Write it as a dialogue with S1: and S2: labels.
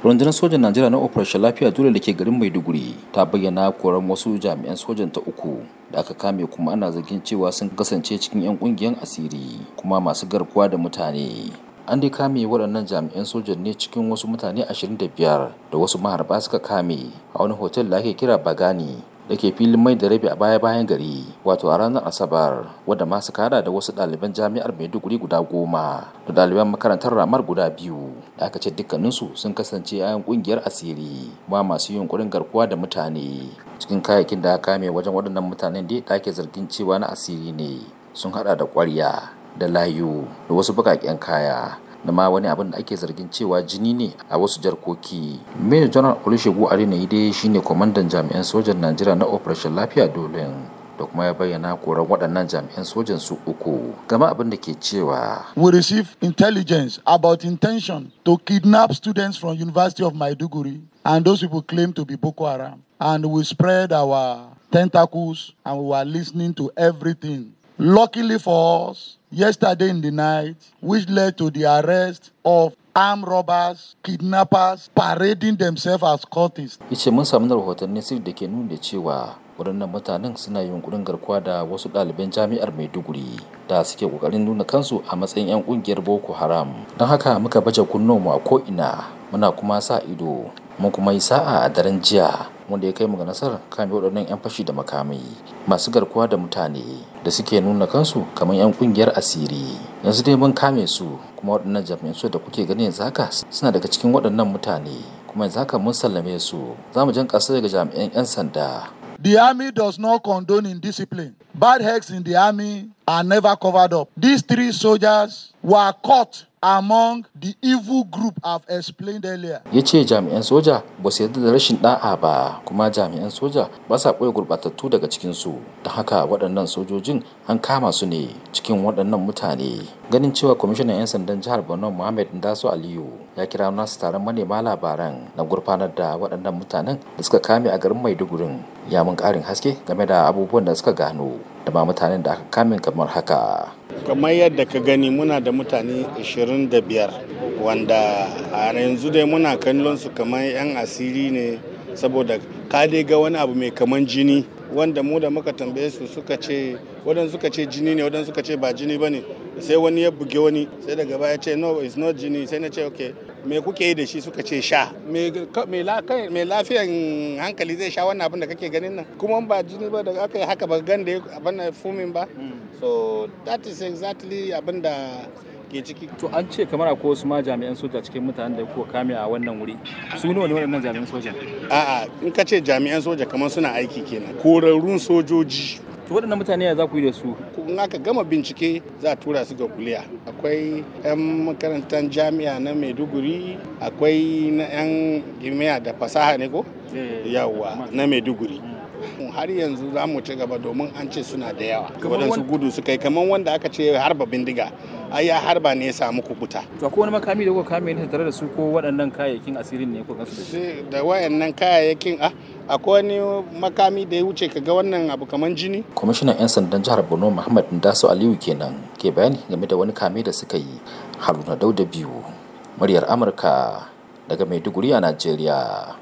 S1: rundunar sojan najeriya na operation lafiya dole da ke garin maiduguri ta bayyana koran wasu jami'an sojan ta uku da aka kame kuma ana zargin cewa sun kasance cikin 'yan kungiyar asiri kuma masu garkuwa da mutane an dai kame waɗannan jami'an sojan ne cikin wasu mutane 25 da wasu maharba suka kame a wani hotel da ake kira bagani da ke filin mai da rabi a baya-bayan gari wato a ranar asabar wadda masu kada da wasu ɗaliban jami'ar maiduguri guda goma da ɗaliban makarantar ramar guda biyu da aka ce dukkaninsu sun kasance yayan ƙungiyar asiri ma masu yunkurin garkuwa da mutane cikin kayayyakin da aka kame wajen waɗannan mutanen da da ake zargin cewa na asiri ne sun haɗa da ƙwarya da layu da wasu baƙaƙen kaya da ma wani abin da ake zargin cewa jini ne a wasu jarkoki. Major General Olusegun Arinayi dai shine kwamandan jami'an sojan Najeriya na Operation Lafiya Dolin. da kuma ya bayyana koran waɗannan jami'an sojan su uku gama abin da ke cewa
S2: we receive intelligence about intention to kidnap students from university of maiduguri and those people claim to be boko haram and we spread our tentacles and we were listening to everything Luckily for us, yesterday in the night, which led to the arrest of armed robbers, kidnappers
S1: parading themselves as cultists. Ice mun samu rahoton sirri da ke nuna cewa waɗannan mutanen suna yunkurin garkuwa da wasu ɗaliban jami'ar Maiduguri da suke ƙoƙarin nuna kansu a matsayin 'yan ƙungiyar Boko Haram. Don haka muka baje kunnuwanmu a ko'ina muna kuma sa ido mun kuma yi sa'a a daren jiya wanda ya kai mu ga nasarar kame waɗannan 'yan fashi da makamai masu garkuwa da mutane da suke nuna kansu kamar 'yan kungiyar asiri yanzu dai mun kame su kuma waɗannan jami'an su da kuke gani yanzu haka suna daga cikin waɗannan mutane kuma yanzu haka mun sallame su za mu jan ƙasa daga jami'an 'yan sanda
S2: The army does not condone indiscipline. Bad heads in the army are never covered up. These three soldiers were caught among the evil group I've explained earlier. Ya
S1: ce jami'an soja ba su yarda da rashin da'a ba kuma jami'an soja ba sa ɓoye gurɓatattu daga cikinsu don haka waɗannan sojojin an kama su ne cikin waɗannan mutane. Ganin cewa kwamishinan 'yan sandan jihar Borno Muhammad Ndaso Aliyu ya kira nasu taron manema labaran na gurfanar da waɗannan mutanen da suka kame a garin Maiduguri ya mun ƙarin haske game da abubuwan da suka gano da ma mutanen da aka kame kamar haka.
S3: kamar yadda ka gani muna da mutane 25 wanda a yanzu dai muna kallon su kamar 'yan asiri ne saboda ka dai ga wani abu mai kaman jini wanda mu da muka tambaye su suka ce wadan suka ce jini ne wadan suka ce ba jini ba ne sai wani ya buge wani sai daga baya ce no it's not jini sai na ce okay me kuke yi da shi suka ce sha me lafiyan hankali zai sha wannan abin da kake ganin nan kuma ba jini ba da aka yi haka ba gan da abin fumin ba mm. so that is exactly abin da
S1: ke ciki to an ce kamar ko su ma jami'an soja cikin mutanen da kuka kame a wannan wuri
S3: su ne wani waɗannan jami'an soja a'a in ka ce jami'an soja kamar suna aiki kenan
S1: korarrun sojoji to waɗannan mutane ya za ku yi da su
S3: in aka gama bincike za a tura su ga kuliya akwai 'yan makarantar jami'a na maiduguri akwai na 'yan gimiya da fasaha ne ko eh, yawwa na maiduguri mm. har yanzu za mu ci gaba domin an ce suna da yawa waɗansu gudu su kai kamar wanda aka ce harba bindiga ai ya harba ne ya samu kubuta
S1: to ko wani makami da kuka kame ne tare da su ko waɗannan kayayyakin asirin ne ko kansu da
S3: da wayannan kayayyakin a ah, akwai wani makami da ya wuce ga wannan abu kamar jini
S1: kwamishinan yan sandan jihar Borno Muhammad Ndaso Aliyu kenan ke bayani game da wani kame da suka yi Haruna Dauda biyu muryar Amurka daga Maiduguri a Najeriya